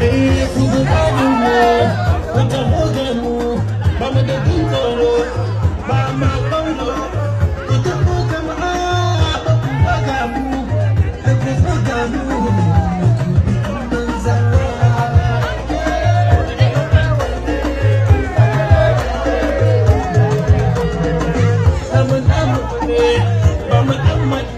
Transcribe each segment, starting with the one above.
Hey, I'm a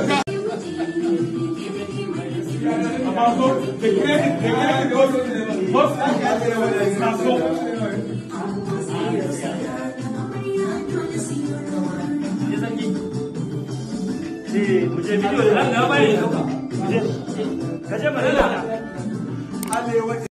Council, the credit,